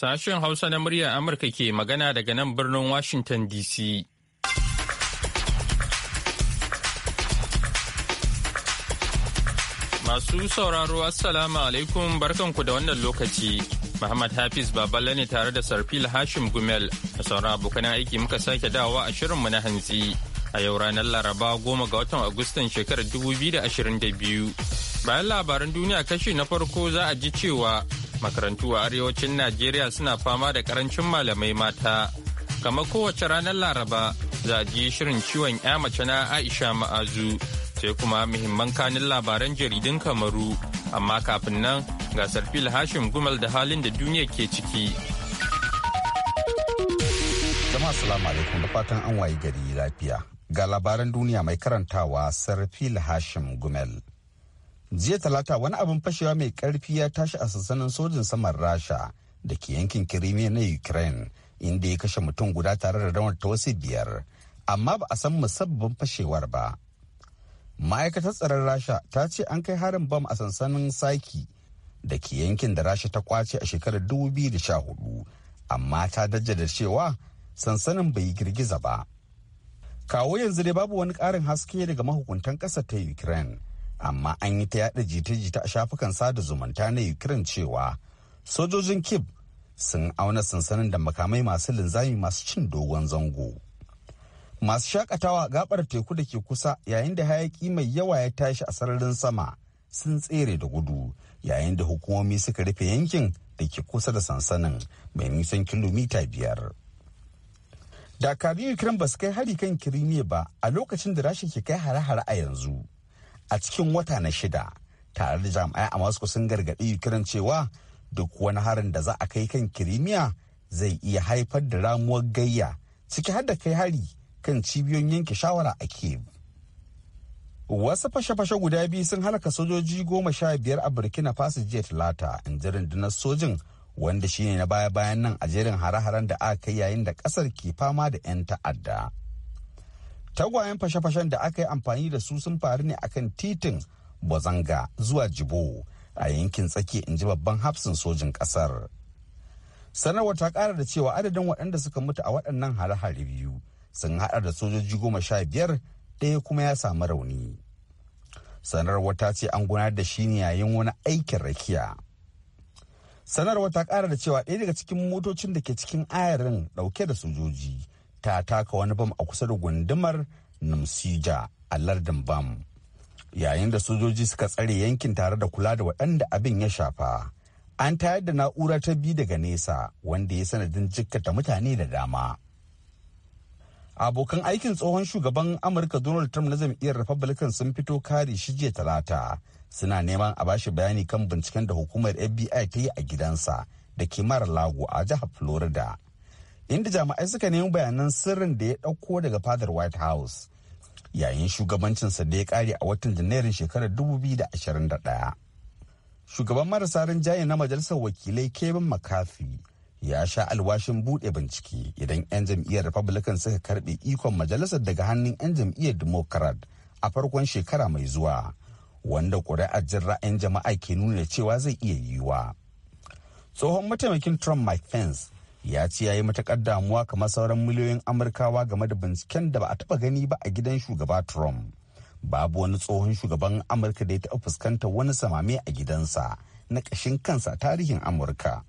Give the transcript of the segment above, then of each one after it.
Sashen Hausa na murya Amurka ke magana daga nan birnin Washington DC. Masu sauraro Assalamu alaikum barkanku da wannan lokaci. Muhammad Hafiz Baballe ne tare da Sarfil Hashim Gumel a sauran abokan aiki muka sake dawowa a shirinmu na hantsi. A yau ranar Laraba goma ga watan Agustan shekarar 2022. Bayan labaran duniya kashi na farko za a ji cewa makarantu a arewacin najeriya suna fama da karancin malamai mata kama kowace ranar laraba za a ji shirin ciwon ya mace na aisha ma'azu sai kuma muhimman kanin labaran jaridun kamaru amma kafin nan ga fil hashim gumal da halin da duniya ke ciki jama'a salamu fatan an wayi gari lafiya ga labaran duniya mai karantawa sarfil hashim gumel jiya talata wani abin fashewa mai karfi ya tashi a sansanin sojin saman rasha da ke yankin kirimiya na ukraine inda ya kashe mutum guda tare da rawar ta wasu biyar amma ba a san musabbabin fashewar ba ma'aikatar tsaron rasha ta ce an kai harin bam a sansanin saki da ke yankin da rasha ta kwace a shekarar dubu da hudu, amma ta da cewa sansanin bai yi girgiza ba kawo yanzu dai babu wani ƙarin haske daga mahukuntan ƙasar ta ukraine amma an yi ta yada jita-jita a shafukan sada zumunta na ukraine cewa sojojin kib sun auna sansanin da makamai masu linzami masu cin dogon zango masu shakatawa gabar teku da ke kusa yayin da hayaki mai yawa ya tashi a sararin sama sun tsere da gudu yayin da hukumomi suka rufe yankin da ke kusa da sansanin mai nisan kilomita biyar dakarun ukraine ba su kai hari kan kirimiya ba a lokacin da rasha ke kai hare-hare a yanzu a cikin wata na shida tare da jami'ai a masu sun gargaɗi kiran cewa duk wani harin da za a kai kan kirimiya zai iya haifar da ramuwar gayya ciki har da kai hari kan cibiyoyin yanke shawara a kiev wasu fashe-fashe guda biyu sun halaka sojoji goma sha biyar a burkina faso jiya talata in ji rundunar sojin wanda shine na baya-bayan nan a jerin hare-haren da aka kai yayin da kasar ke fama da 'yan ta'adda tagwayen fashe-fashen da aka yi amfani da su sun faru ne akan titin bozanga zuwa jibo a yankin tsaki in ji babban hafsin sojin kasar sanarwar ta kara da cewa adadin waɗanda suka mutu a waɗannan hare-hare biyu sun haɗa da sojoji goma sha biyar ɗaya kuma ya samu rauni sanarwar ta ce an gudanar da shi ne yayin wani aikin rakiya sanarwar ta kara da cewa ɗaya daga cikin motocin da ke cikin ayarin ɗauke da sojoji ta taka wani bam a kusa da gundumar Namsija a lardin Bam. Yayin da sojoji suka tsare yankin tare da kula da waɗanda abin ya shafa. An tayar da na'ura ta biyu daga nesa wanda ya sanadin jikkata mutane da dama. Abokan aikin tsohon shugaban Amurka Donald Trump na jam'iyyar Republican sun fito kari shi jiya talata. Suna neman a bashi bayani kan binciken da hukumar FBI ta yi a gidansa da ke mara lago a jihar Florida. inda jami'ai suka nemi bayanan sirrin da ya ɗauko daga fadar white house yayin shugabancinsa da ya ƙare a watan janairun shekarar 2021 shugaban marasa rinjaye na majalisar wakilai kevin mccarthy ya sha alwashin buɗe bincike idan 'yan jam'iyyar republican suka karɓe ikon majalisar daga hannun 'yan jam'iyyar democrat a farkon shekara mai zuwa wanda ƙuri'ar jin ra'ayin jama'a ke nuna cewa zai iya yiwuwa tsohon mataimakin trump mike pence ya ce ya yi matakar damuwa kamar sauran miliyoyin amurkawa game da binciken da ba a taba gani ba a gidan shugaba trump babu wani tsohon shugaban amurka da ya taɓa fuskantar wani samame a gidansa na ƙashin kansa tarihin amurka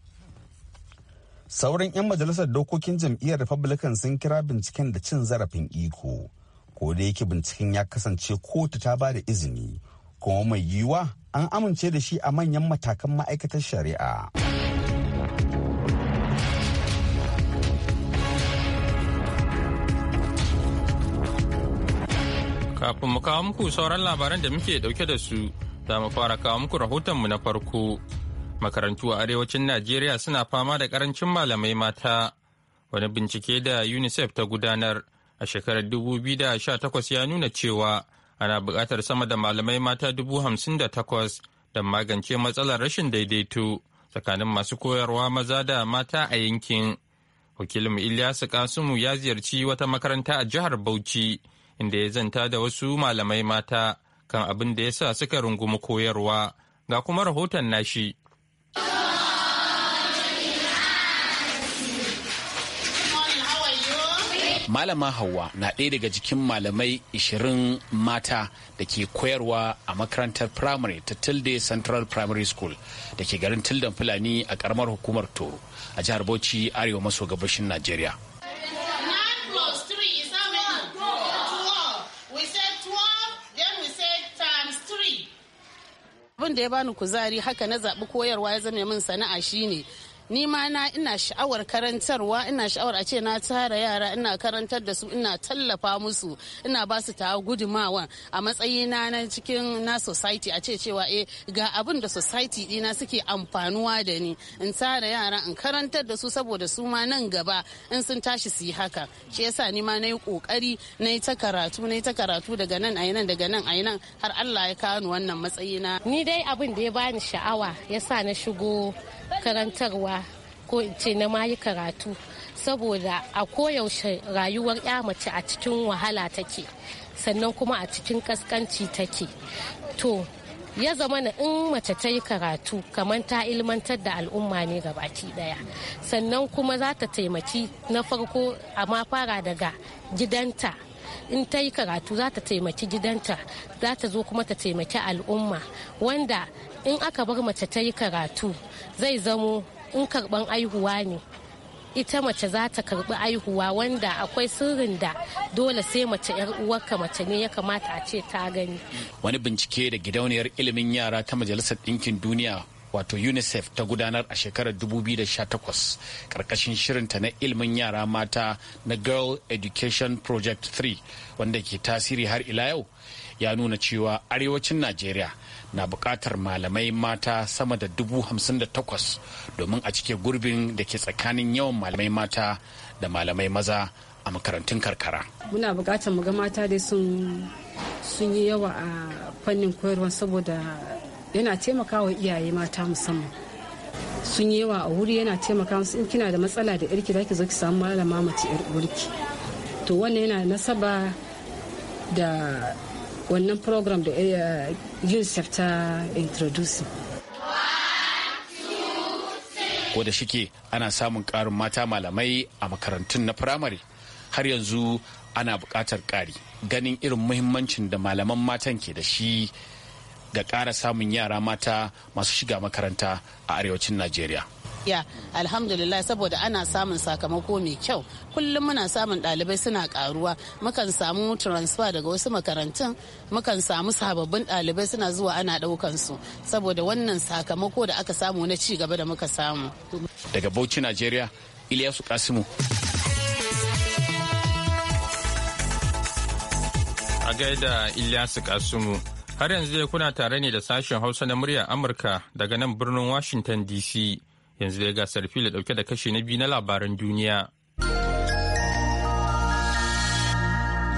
sauran 'yan majalisar dokokin jam'iyyar republican sun kira binciken da cin zarafin iko ko da yake binciken ya kasance kotu ta ba da izini kuma mai yiwuwa an amince da shi a manyan matakan ma'aikatar shari'a. Kafin mu kawo muku sauran labaran da muke dauke da su, za mu fara kawo muku rahotonmu na farko. Makarantu a arewacin Najeriya suna fama da karancin malamai mata. Wani bincike da UNICEF ta gudanar a shekarar 2018 ya nuna cewa ana buƙatar sama da malamai mata 58 don magance matsalar rashin daidaito tsakanin masu koyarwa maza da mata a yankin. wakilin Ilyasu Kasumu ya ziyarci wata makaranta a jihar Bauchi inda ya zanta da wasu malamai mata kan abin da ya sa suka rungumi koyarwa ga kuma rahoton nashi. Malama Hauwa na ɗaya daga jikin malamai 20 mata da ke koyarwa a makarantar Primary ta Tilde Central Primary School da ke garin Tildan Fulani a ƙaramar hukumar Toro a jihar Bauchi Arewa maso gabashin Najeriya. abin da ya bani kuzari haka na zaɓi koyarwa ya zama min sana'a shine ni ma na ina sha'awar karantarwa ina sha'awar a ce na tara yara ina karantar da su ina tallafa musu ina ba su ta gudumawa a matsayina na cikin na society a ce cewa eh ga abin da society dina suke amfanuwa da ni in tara yara in karantar da su saboda su ma nan gaba in sun tashi su yi haka shi yasa ni ma na yi kokari na yi ta karatu na yi ta karatu daga nan a nan daga nan a nan har Allah ya kawo wannan matsayina ni dai abin da ya bani sha'awa yasa na shigo karantarwa ko in ce na mayi karatu saboda a koyaushe rayuwar ya mace a cikin wahala take sannan kuma a cikin kaskanci take to ya zama na in mace ta yi karatu kamar ta ilmantar da al'umma ne ga baki daya sannan kuma za ta taimaki na farko a ma fara daga gidanta in ta yi karatu za ta taimaki gidanta za ta zo kuma ta taimaki al'umma wanda in aka bar mace ta yi karatu zai zamo in karban aihuwa ne ita mace za ta karbi aihuwa wanda akwai sirrin da dole sai mace yar uwarka mace ne ya kamata a ce ta gani wani bincike da gidauniyar ilimin yara ta majalisar ɗinkin duniya wato unicef ta gudanar a shekarar 2018 karkashin shirinta na ilimin yara mata na girl education project 3 wanda ke tasiri har ila yau ya nuna cewa arewacin najeriya na bukatar malamai mata sama da dubu hamsin da takwas domin a cike gurbin da ke tsakanin yawan malamai mata da malamai maza a makarantun karkara muna bukatar mu ga mata dai sun yi yawa a fannin koyarwa saboda yana taimakawa iyaye mata musamman sun yi yawa a wuri yana taimaka musu in kina da matsala da yarki zaki zo ki samu malama mace yar uwarki to wannan yana nasaba da wannan program da eh, unicef ta introduce ko da shike ana samun karin mata malamai a makarantun na firamare har yanzu ana buƙatar ƙari ganin irin muhimmancin da malaman matan ke da shi ga ƙara samun yara mata masu shiga makaranta a arewacin najeriya ya alhamdulillah saboda ana samun sakamako mai kyau kullum muna samun ɗalibai suna karuwa mukan samu transfer daga wasu makarantun mukan samu sababbin ɗalibai suna zuwa ana ɗaukan su saboda wannan sakamako da aka samu na ci gaba da muka samu daga bauchi najeriya Ilyasu kasimu a gaida Ilyasu kasimu Har yanzu dai kuna tare ne da sashen Hausa na muryar Amurka daga nan birnin Washington DC. Yanzu dai gasar fili da dauke da kashi na biyu na labaran duniya.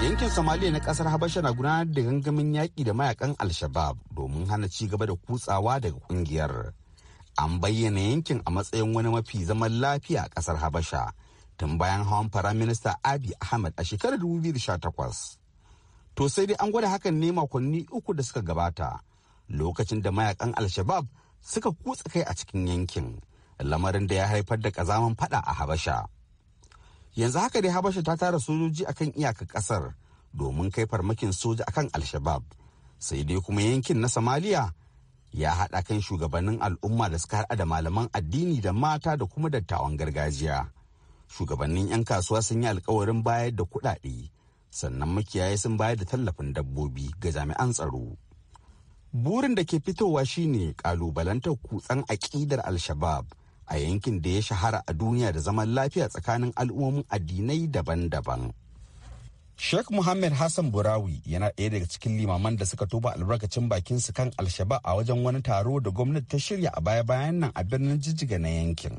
Yankin Somalia na kasar Habasha na gudanar da gangamin yaƙi da mayakan Al-Shabaab domin hana ci gaba da kutsawa daga kungiyar. An bayyana yankin a matsayin wani mafi zaman lafiya a kasar Habasha tun bayan hawan Firaminista Abi Ahmed a shekarar 2018. to sai dai an gwada hakan ne makonni uku da suka gabata lokacin da mayakan al-shabab suka kutsa kai a cikin yankin lamarin da ya haifar da kazaman fada a habasha yanzu haka dai habasha ta tara sojoji akan iyakar kasar domin kai farmakin soja akan al-shabab sai dai kuma yankin na somaliya ya haɗa kan shugabannin al'umma da suka haɗa da malaman addini da mata da kuma dattawan gargajiya shugabannin 'yan kasuwa sun yi alkawarin bayar da kuɗaɗe sannan makiyaye sun bayar da tallafin dabbobi ga jami'an tsaro burin da ke fitowa shine kalubalantar kutsan aƙidar al-shabab a yankin da ya shahara a duniya da zaman lafiya tsakanin al'ummomin addinai daban-daban Sheikh Muhammad Hassan Burawi yana ɗaya daga cikin limaman da suka tuba albarkacin bakin su kan alshabab a wajen wani taro da gwamnati ta shirya a baya-bayan nan a birnin jijjiga na yankin.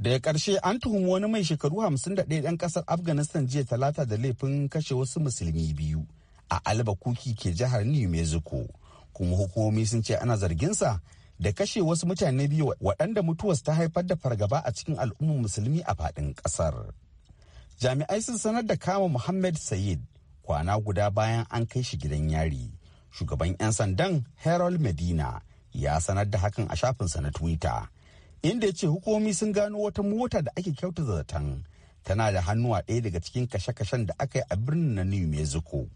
daga ƙarshe an tuhumi wani mai shekaru 51 ɗan ƙasar afghanistan jiya talata da laifin kashe wasu musulmi biyu a alba kuki ke jihar new mexico kuma hukumomi sun ce ana zarginsa da kashe wasu mutane biyu waɗanda mutuwarsu ta haifar da fargaba a cikin al'ummar musulmi a faɗin ƙasar jami'ai sun sanar da kama muhammad sayid kwana guda bayan an kai shi gidan yari shugaban 'yan sandan harold medina ya sanar da hakan a shafinsa na twitter inda ya ce hukumomi sun gano wata mota da ake kyautata zaton tana da hannuwa ɗaya daga cikin kashe-kashen da aka yi a birnin na new mexico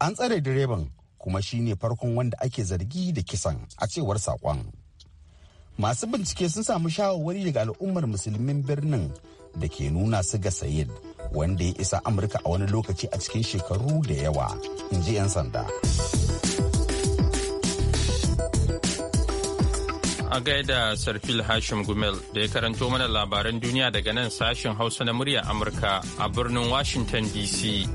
an tsare direban kuma shi ne farkon wanda ake zargi da kisan a cewar saƙon masu bincike sun samu shawarwari daga al'ummar musulmin birnin da ke nuna su ga sayid wanda ya isa amurka a wani lokaci a cikin shekaru da yawa in ji 'yan sanda. A gaida Sarfil Hashim Gumel da ya karanto mana labaran duniya daga nan sashen Hausa na murya Amurka a birnin Washington DC.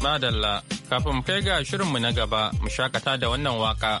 Madalla, kafin kai ga shirinmu na gaba, mu shakata da wannan waka.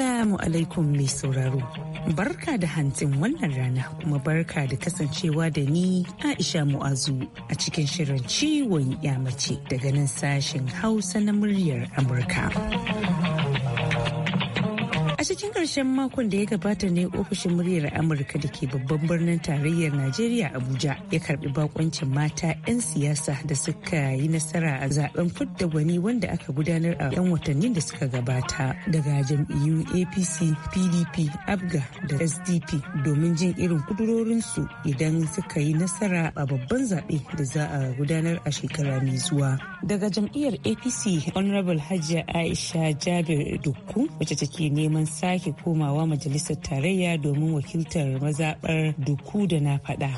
Assalamu alaikum mai sauraro. Barka da hantin wannan rana kuma barka da kasancewa da ni Aisha Mu'azu a cikin shirin ciwon yamace daga nan sashen Hausa na muryar Amurka. cikin ƙarshen makon da ya gabata ne ofishin muryar Amurka da ke babban birnin tarayyar Najeriya Abuja ya karbi bakoncin mata 'yan siyasa da suka yi nasara a zaben fidda gwani wanda aka gudanar a 'yan watannin da suka gabata daga jam'iyyun APC, PDP, Abga da SDP domin jin irin kudurorinsu idan suka yi nasara a babban zaɓe da za a gudanar a shekara mai zuwa. Daga jam'iyyar APC Honorable Hajiya Aisha Jabir Dukku wacce take neman sake komawa majalisar tarayya domin wakiltar mazaɓar duku da na faɗa.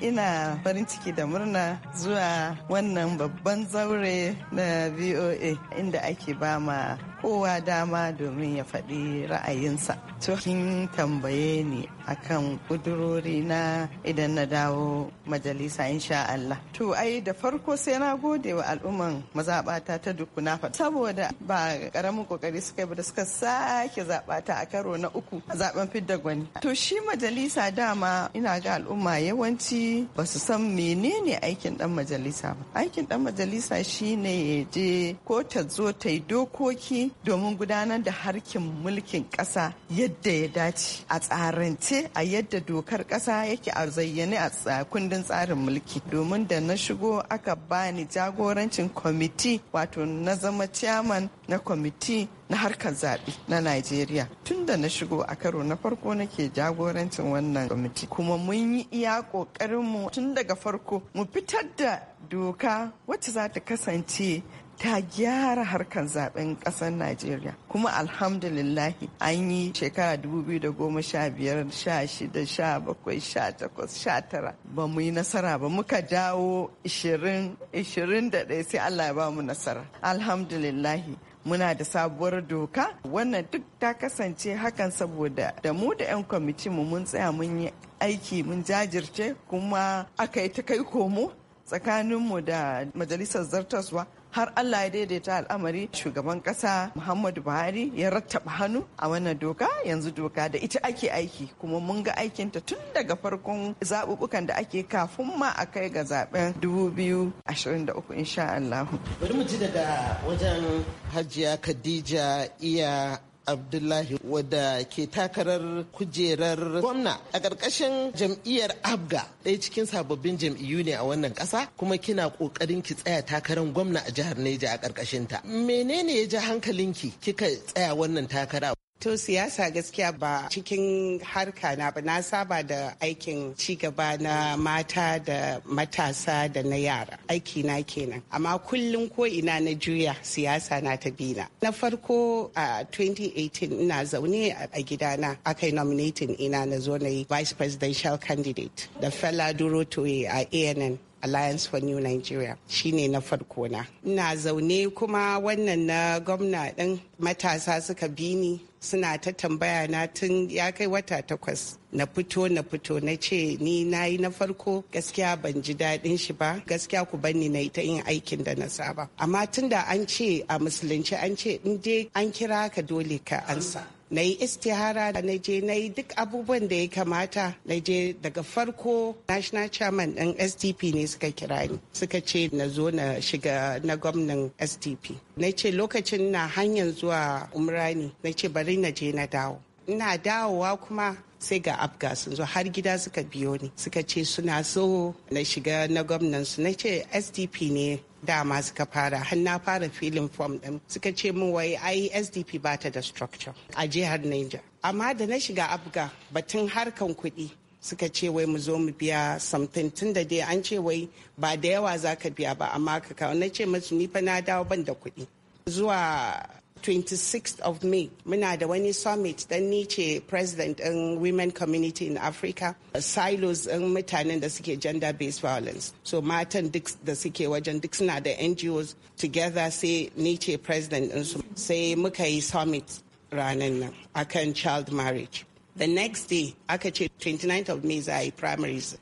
ina farin ciki da murna zuwa wannan babban zaure na voa inda ake bama kowa dama domin ya faɗi ra'ayinsa. To kin tambaye ni akan kudurori na idan na dawo majalisa insha Allah. To ai da farko sai na gode wa al'umman mazaɓata ta dukuna saboda ba ƙaramin kokari suka yi ba da suka sake zaɓata a karo na uku a zaben fidda gwani. To shi majalisa dama ina ga al'umma yawanci ba su san menene aikin ɗan majalisa ba. Aikin ɗan majalisa shine ya je ko ta zo ta yi dokoki domin gudanar da harkin mulkin ƙasa yadda ya dace a tsarance a yadda dokar ƙasa yake a zayyane a kundin tsarin mulki domin da na shigo aka bani jagorancin kwamiti wato na zama ciyaman na kwamiti na harkar zaɓe na Najeriya. Tun da na shigo a karo na farko nake jagorancin wannan kwamiti kuma mun yi iya ƙoƙarinmu tun daga farko mu fitar da doka wacce za ta kasance ta gyara harkan zaben kasar Najeriya kuma alhamdulillahi an yi shekara 2015 16 ba mu yi nasara ba muka dawo 20 21 sai Allah ya ba mu nasara alhamdulillahi muna da sabuwar doka wannan duk ta kasance hakan saboda da mu da 'yan kwamiti mu mun tsaya mun yi aiki mun jajirce kuma aka yi ta kai komo tsakaninmu da majalisar zartaswa har Allah ya daidaita al'amari shugaban kasa Muhammadu Buhari ya rattaba hannu a wannan doka yanzu doka da ita ake aiki kuma mun ga aikin ta tun daga farkon zaɓuɓɓukan da ake kafin ma a kai ga zaben 2023 insha Allah. Bari mu ji daga wajen Hajiya Khadija iya abdullahi wadda ke takarar kujerar gwamna a ƙarƙashin jam'iyyar abga ɗaya cikin sababbin jam'iyyu ne a wannan ƙasa kuma kina ƙoƙarin ki tsaya takarar gwamna a jihar neja a ƙarƙashinta menene ya ja hankalinki kika tsaya wannan takara To siyasa gaskiya ba cikin harka na ba na saba da aikin cigaba na mata da matasa da na yara aiki na kenan amma kullum ko ina na juya siyasa na ta bina. Na farko a 2018 ina zaune a gidana aka yi nominating ina na zo na yi vice presidential candidate da fela duro toye a ANN Alliance for New Nigeria shine na farko na. Ina zaune kuma wannan na gwamna din matasa suka bi ni suna ta tambaya na tun ya kai wata takwas na fito na fito na ce ni na yi na farko gaskiya ban ji daɗin shi ba gaskiya ku banni na ta yin aikin da na saba amma tun da an ce a musulunci an ce in dai an kira ka dole ka ansa na yi istihara na je na yi duk abubuwan da ya kamata na je daga farko national chairman ɗin sdp ne suka kira ni suka ce na zo na shiga na gwamnan sdp na ce lokacin na hanyar zuwa umra ne na ce bari na je na dawo ina dawowa kuma sai ga abga sun zo har gida suka biyo ni suka ce suna so na shiga na gwamnan su na ce sdp ne dama suka fara har na fara filin form din suka ce min wai ai sdp ba ta da structure a jihar niger amma da na shiga abga batun harkan kuɗi suka ce wai mu zo mu biya something tun da dai an ce wai ba da yawa za ka biya ba amma ka kawo na ce masu ni fa na dawo ban da kuɗi zuwa 26th of May muna da wani summit dan nice president ɗin women community in Africa silos in um, mutanen da suke gender based violence so matan duk da suke wajen duk suna da NGOs together sai nice President president su sai muka yi summit ranar nan akan child marriage the next day aka ce 29th of May za a yi primaries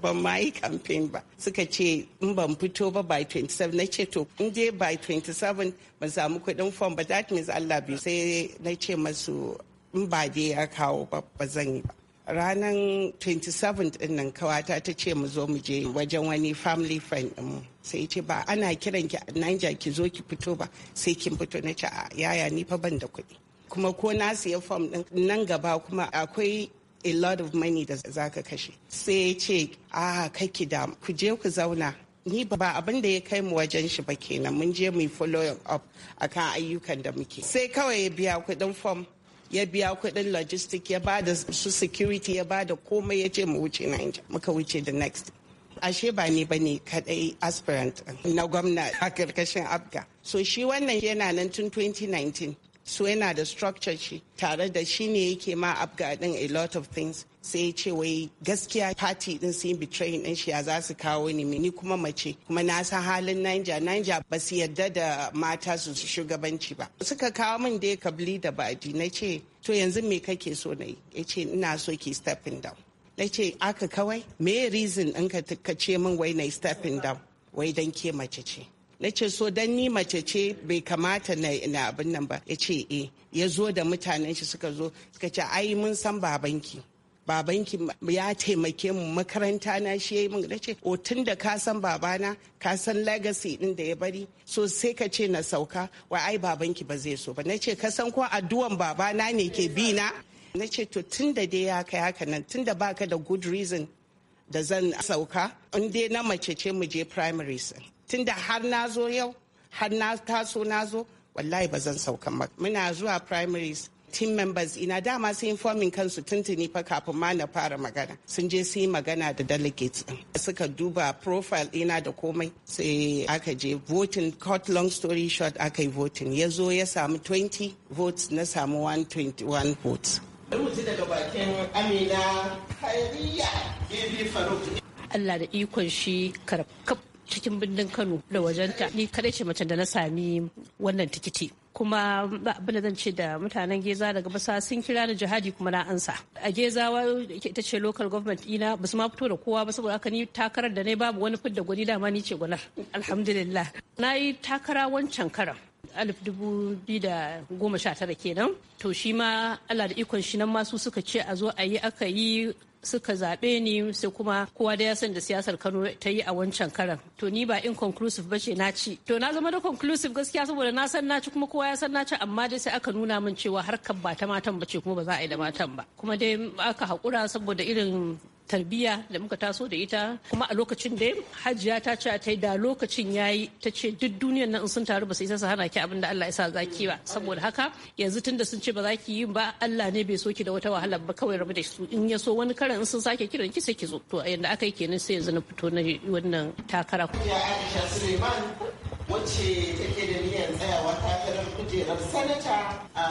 ban ma yi campaign ba suka ce in ban fito ba by 27 na ce to in je by 27 ba samu kuɗin form ba that means Allah bi sai na ce masu in ba je ya kawo ba ba zan yi ba ranar 27 din nan kawata ta ce mu zo mu je wajen wani family friend mu sai ce ba ana kiran ki Niger ki zo ki fito ba sai kin fito na ce a yaya ni fa ban da kuɗi kuma ko na siya fom din nan gaba kuma akwai a lot of money da za ka kashe sai ya ce a kake da ku je ku zauna ni ba abin da ya kai mu wajen shi ba kenan mun je mu follow up akan ayyukan da muke sai kawai ya biya kuɗin form ya biya kuɗin logistic ya ba da su security ya ba da komai ya ce mu wuce Niger muka wuce the next ashe ba ni ba ne kadai aspirant na gwamna a karkashin abga so shi wannan yana nan tun 2019 so yana da structure shi tare da shi ne yake ma abgadin a lot of things sai ce wai gaskiya party din sun betray din shi ya za su kawo ni ni kuma mace kuma na san halin Niger Niger ba su yarda da mata su shugabanci ba suka kawo min dai kabli da baji na ce to yanzu me kake so na yi ya ce ina so ki stepping down na ce aka kawai me reason in ka ce min wai na stepping down wai dan ke mace ce na so dan ni mace ce bai kamata na abin nan ba ya ce e eh. ya zo da mutanen shi suka zo suka ce ai mun san babanki babanki ya taimake mu makaranta na shi ya yi min ce o oh, tun da ka san babana ka san legacy din da ya bari so sai ka ce na sauka wa ai babanki ba zai so ba na ce ka san ko addu'an babana ne ke bi na na ce to tun da dai ya kai haka nan tun da baka da good reason da zan sauka in dai na mace ce mu je primaries tunda har na zo yau har na taso na zo wallahi ba zan sauka ba muna zuwa primaries team members ina dama su informing kansu tuntuni fa kafin ma na fara magana sun je su yi magana da delegates din suka duba profile ina da komai sai aka je voting cut long story short aka yi voting ya zo ya samu 20 votes na samu 121 votes daga bakin amina kariya bibi Allah da ikon shi karkab cikin birnin Kano da wajenta ni kadai ce mace da na sami wannan tikiti kuma abin da zan ce da mutanen geza daga basa sun kira ni jihadi kuma na ansa a gezawa ita ce local government ina ba su ma fito da kowa ba saboda haka ni takarar da ne babu wani fidda gwani dama ni ce gwanar alhamdulillah na yi takara wancan karan alif dubu biyu da goma sha tara kenan to shi ma allah da ikon shi nan masu suka ce a zo a yi aka yi suka zaɓe ni sai kuma kowa da ya san da siyasar Kano ta yi a wancan karan. To ni ba in conclusive ba ce na ci. To na zama da conclusive gaskiya saboda na san na ci kuma kowa ya san na ci amma dai sai aka nuna min cewa harkar ba ta matan ba ce kuma ba za a yi da matan ba. Kuma dai aka haƙura saboda irin tarbiyya da muka taso da ita kuma a lokacin da hajiya ta ce ta da lokacin yayi ta ce duk duniyar nan sun taru ba su isa su hana ki abin da Allah ya sa zaki ba saboda haka yanzu tunda sun ce ba za ki yi ba Allah ne bai so ki da wata wahala ba kawai rabu da su in ya so wani karan sun sake kiran ki sai ki zo to yanda aka yi kenan sai yanzu na fito na wannan takara Aisha Suleiman wacce take da niyyar tsayawa takarar kujerar sanata a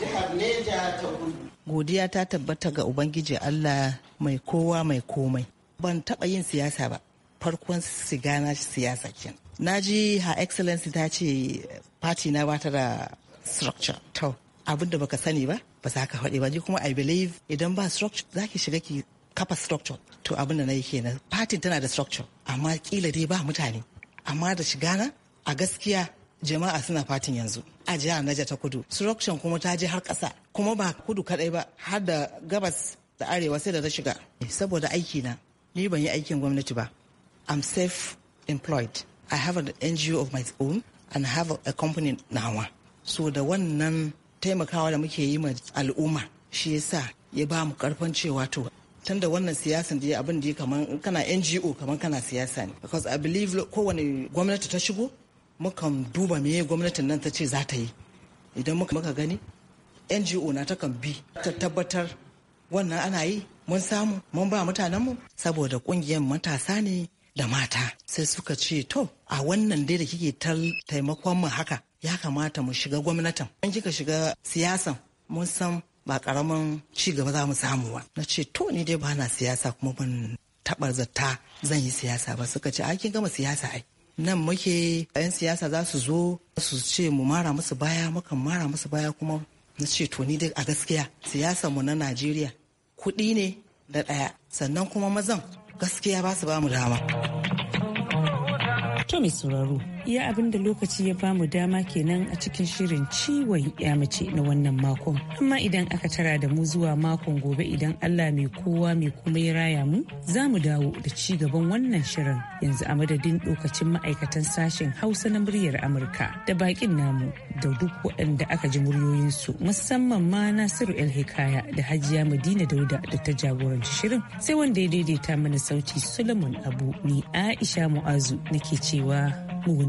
jihar Neja ta Kudu godiya ta tabbata ga ubangiji allah mai kowa mai komai ban taba yin siyasa ba farkon sigana siyasa kin na ji her excellency ta ce party na bata da structure to abin da baka sani ba ba za ka faɗi ba ji kuma i believe idan ba structure za ki shiga ki kafa structure to abin da na yi kenan party tana da structure amma kila dai ba mutane amma da shigana a gaskiya jama'a suna fatin yanzu a jihar Niger ta kudu surruption kuma ta je har kasa. kuma ba kudu kadai ba har da gabas da arewa sai da ta shiga eh, saboda aiki na ni ban yi aikin gwamnati ba i'm self employed i have an ngo of my own and have a company nawa so da wannan taimakawa da muke yi ma al'umma shi yasa ya ba mu karfin cewa to tun da wannan siyasan da abin da ya kaman kana ngo kamar kana siyasa ne because i believe kowane gwamnati ta shigo mukan duba me gwamnatin nan ta ce za ta yi idan muka gani ngo na ta kan bi ta tabbatar wannan ana yi mun samu mun ba mutanenmu saboda kungiyar matasa ne da mata sai suka ce to a wannan dai da kike taimakon mu haka ya kamata mu shiga gwamnatin in kika shiga siyasan mun san ba karamin ci gaba za mu samu ba na ce to ni dai ba na siyasa kuma ban taɓa zata zan yi siyasa ba suka ce a kin gama siyasa ai nan muke 'yan siyasa za su zo su ce mu mara musu baya mukan mara musu baya kuma na ce to ni a gaskiya siyasa mu na najeriya kuɗi ne da ɗaya sannan kuma mazan gaskiya ba su ba mu dama. iya abin da lokaci ya ba mu dama kenan a cikin shirin ciwon mace na wannan makon amma idan aka tara da mu zuwa makon gobe idan allah mai kowa mai kuma ya raya mu za mu dawo da ci gaban wannan shirin yanzu a madadin lokacin ma'aikatan sashen hausa na muryar amurka da bakin namu da duk waɗanda aka ji muryoyinsu musamman ma nasiru el hikaya da hajiya madina dauda da ta jagoranci shirin sai wanda ya daidaita mana sauti solomon abu ni aisha mu'azu nake cewa mu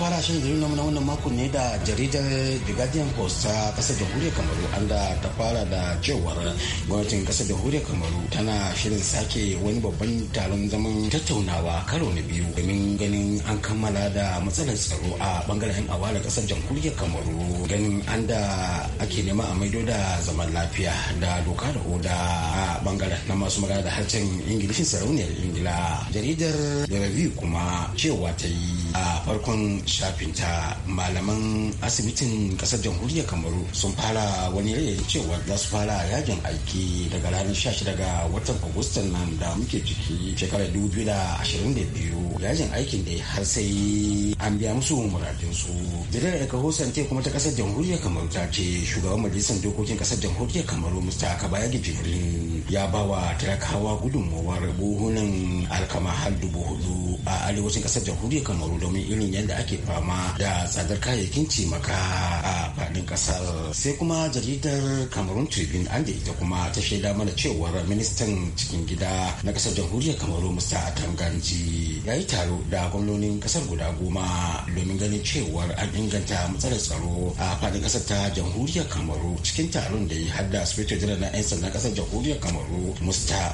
fara shi da yunan na wannan makon ne da jaridar the guardian post ta kasar jamhuriyar kamaru an ta fara da cewar gwamnatin kasar jamhuriyar kamaru tana shirin sake wani babban taron zaman tattaunawa karo na biyu domin ganin an kammala da matsalar tsaro a bangaren awara kasar jamhuriyar kamaru ganin anda ake nema a maido da zaman lafiya da doka da oda a bangaren na masu magana da harshen ingilishin sarauniyar ingila jaridar da review kuma cewa ta yi a farkon shafinta malaman asibitin kasar jamhuriyar kamaru sun fara wani rayayin cewa za su fara yajin aiki daga ranar 16 ga watan agustan nan da muke ciki shekarar 2022 yajin aikin da har sai an biya musu muradinsu jidar daga hosante kuma ta kasar jamhuriyar kamaru ta ce shugaban majalisar dokokin kasar jamhuriyar kamaru musta kabayagi jibrin ya ba wa talakawa gudunmawar buhunan alkama har dubu hudu a arewacin kasar jamhuriyar kamaru domin irin yadda ake fama da tsadar kayayyakin cimaka a faɗin ƙasar sai kuma jaridar cameroon tribune an da ita kuma ta shaida mana cewar ministan cikin gida na ƙasar jamhuriyar kamaru musta atanganji ya yi taro da gwamnonin ƙasar guda goma domin ganin cewar an inganta matsalar tsaro a faɗin ƙasar ta jamhuriyar kamaru cikin taron da ya hada sufeto jiran na 'yan Na ƙasar jamhuriyar kamaru musta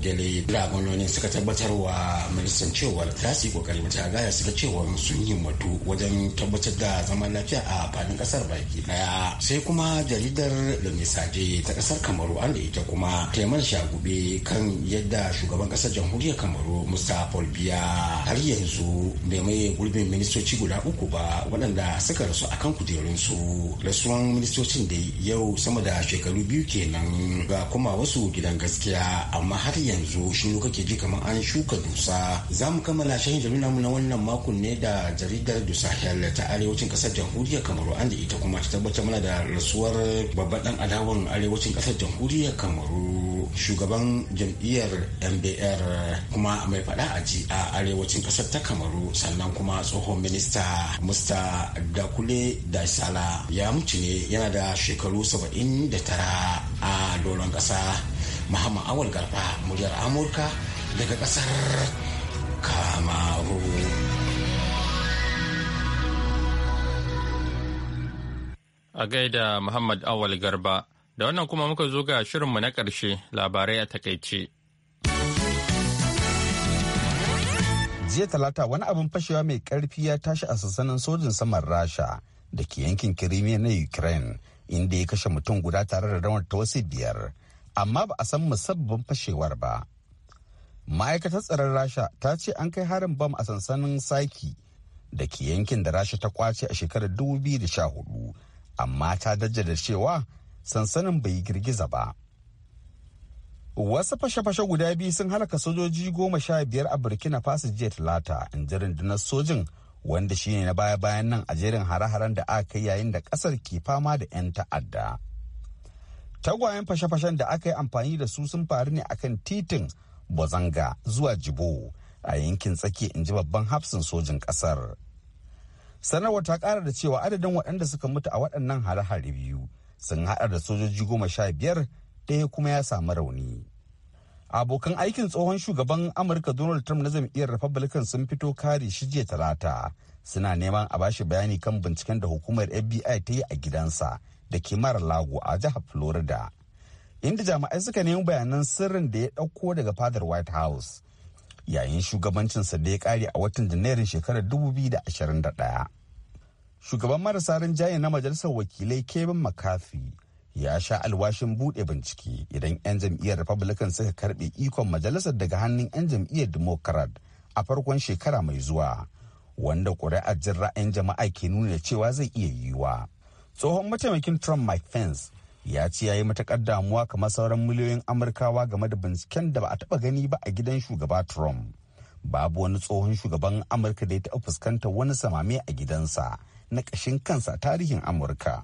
gele. da gwamnonin suka tabbatarwa ministan cewar za su yi ƙoƙari mata gaya su ga cewar sun yi himmatu wajen tabbatar da zaman lafiya a faɗin ƙasar baki ɗaya sai kuma jaridar misaje ta ƙasar kamaru an da ita kuma taiman shagube kan yadda shugaban ƙasar jamhuriyar kamaru musta paul biya har yanzu bai mai gurbin ministoci guda uku ba waɗanda suka rasu a kan kujerunsu rasuwan ministocin da yau sama da shekaru biyu kenan ga kuma wasu gidan gaskiya amma har yanzu shiru kake ji kamar an shuka dusa za mu kammala shahin jaridar mu na wannan makon ne da jaridar du sahel ta arewacin kasar jamhuriyar kamaru an da ita kuma ta tabbatar mana da rasuwar babban dan adawan arewacin kasar jamhuriyar kamaru shugaban jam'iyyar mbr kuma mai fada a ji a arewacin kasar ta kamaru sannan kuma tsohon minista musta dakule da sala ya mutu ne yana da shekaru da tara a doron kasa muhammad awal garba muryar amurka daga kasar kamaru A gaida Muhammad Awal Garba, da wannan kuma muka zo ga shirinmu na ƙarshe labarai a takaice. Jiya talata wani abin fashewa mai ƙarfi ya tashi a sassanin sojin saman Rasha da ke yankin Kirimiya na Ukraine inda ya kashe mutum guda tare da rawar ta wasu biyar, amma ba a san musabbin fashewar ba. Ma'aikatar tsaron Rasha ta ce an kai harin bam a sansanin Saki da ke yankin da Rasha ta kwace a shekarar 2014 amma ta da cewa sansanin bai yi girgiza ba. Wasu fashe-fashe guda biyu sun halaka sojoji goma sha biyar a Burkina Faso jiya Talata, in ji rundunar sojin wanda shi ne na baya-bayan nan a jerin hare-haren da aka yi yayin da kasar ke fama da 'yan ta'adda. Tagwayen fashe-fashen da aka yi amfani da su sun faru ne akan titin Bozanga zuwa Jibo a yankin tsaki in ji babban hafsin sojin kasar. sanarwar ta kara da cewa adadin waɗanda suka mutu a waɗannan hare-hare biyu sun haɗa da sojoji goma sha biyar ɗaya kuma ya samu rauni abokan aikin tsohon shugaban amurka donald trump na jam'iyyar republican sun fito kari shi jiya talata suna neman a bashi bayani kan binciken da hukumar fbi ta yi a gidansa da ke mara lago a jihar florida inda jami'ai suka nemi bayanan sirrin da ya ɗauko daga fadar white house yayin shugabancinsa da ya kare a watan janairun shekarar 2021 shugaban marasa rinjaye na majalisar wakilai kevin mccarthy ya sha alwashin buɗe bincike idan 'yan jam'iyyar republican suka karɓe ikon majalisar daga hannun 'yan jam'iyyar democrat a farkon shekara mai zuwa wanda ƙuri'ar jin ra'ayin jama'a ke nuna cewa zai iya yiwuwa tsohon mataimakin trump mike pence ya ce ya yi matakar damuwa kamar sauran miliyoyin amurkawa game da binciken da ba a taba gani ba a gidan shugaba trump babu wani tsohon shugaban amurka da ya taɓa fuskantar wani samame a gidansa na ƙashin kansa tarihin amurka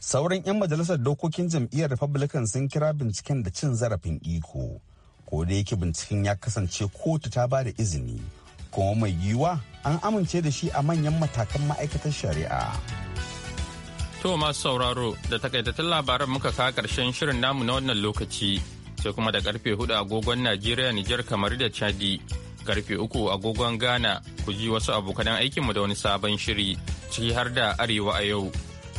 sauran 'yan majalisar dokokin jam'iyyar republican sun kira binciken da cin zarafin iko ko da yake binciken ya kasance kotu ta ba da izini kuma mai yiwuwa an amince da shi a manyan matakan ma'aikatar shari'a To masu sauraro da takaitattun labaran muka kawo karshen shirin namu na wannan lokaci sai kuma da karfe hudu agogon Najeriya Nijar kamar da Chadi karfe uku agogon Ghana ku ji wasu abokanan aikinmu da wani sabon shiri ciki har da Arewa a yau.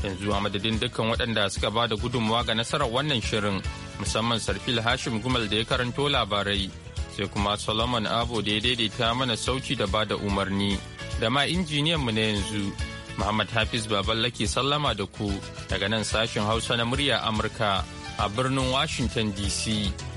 Yanzu a madadin dukkan waɗanda suka ba da gudunmawa ga nasarar wannan shirin musamman Sarfil Hashim Gumal da ya karanto labarai sai kuma Solomon Abo da ya daidaita mana sauci da ba da umarni da ma injiniyanmu na yanzu. Muhammad Hafiz Baballa ke sallama da ku daga nan sashen Hausa na murya Amurka a birnin Washington DC.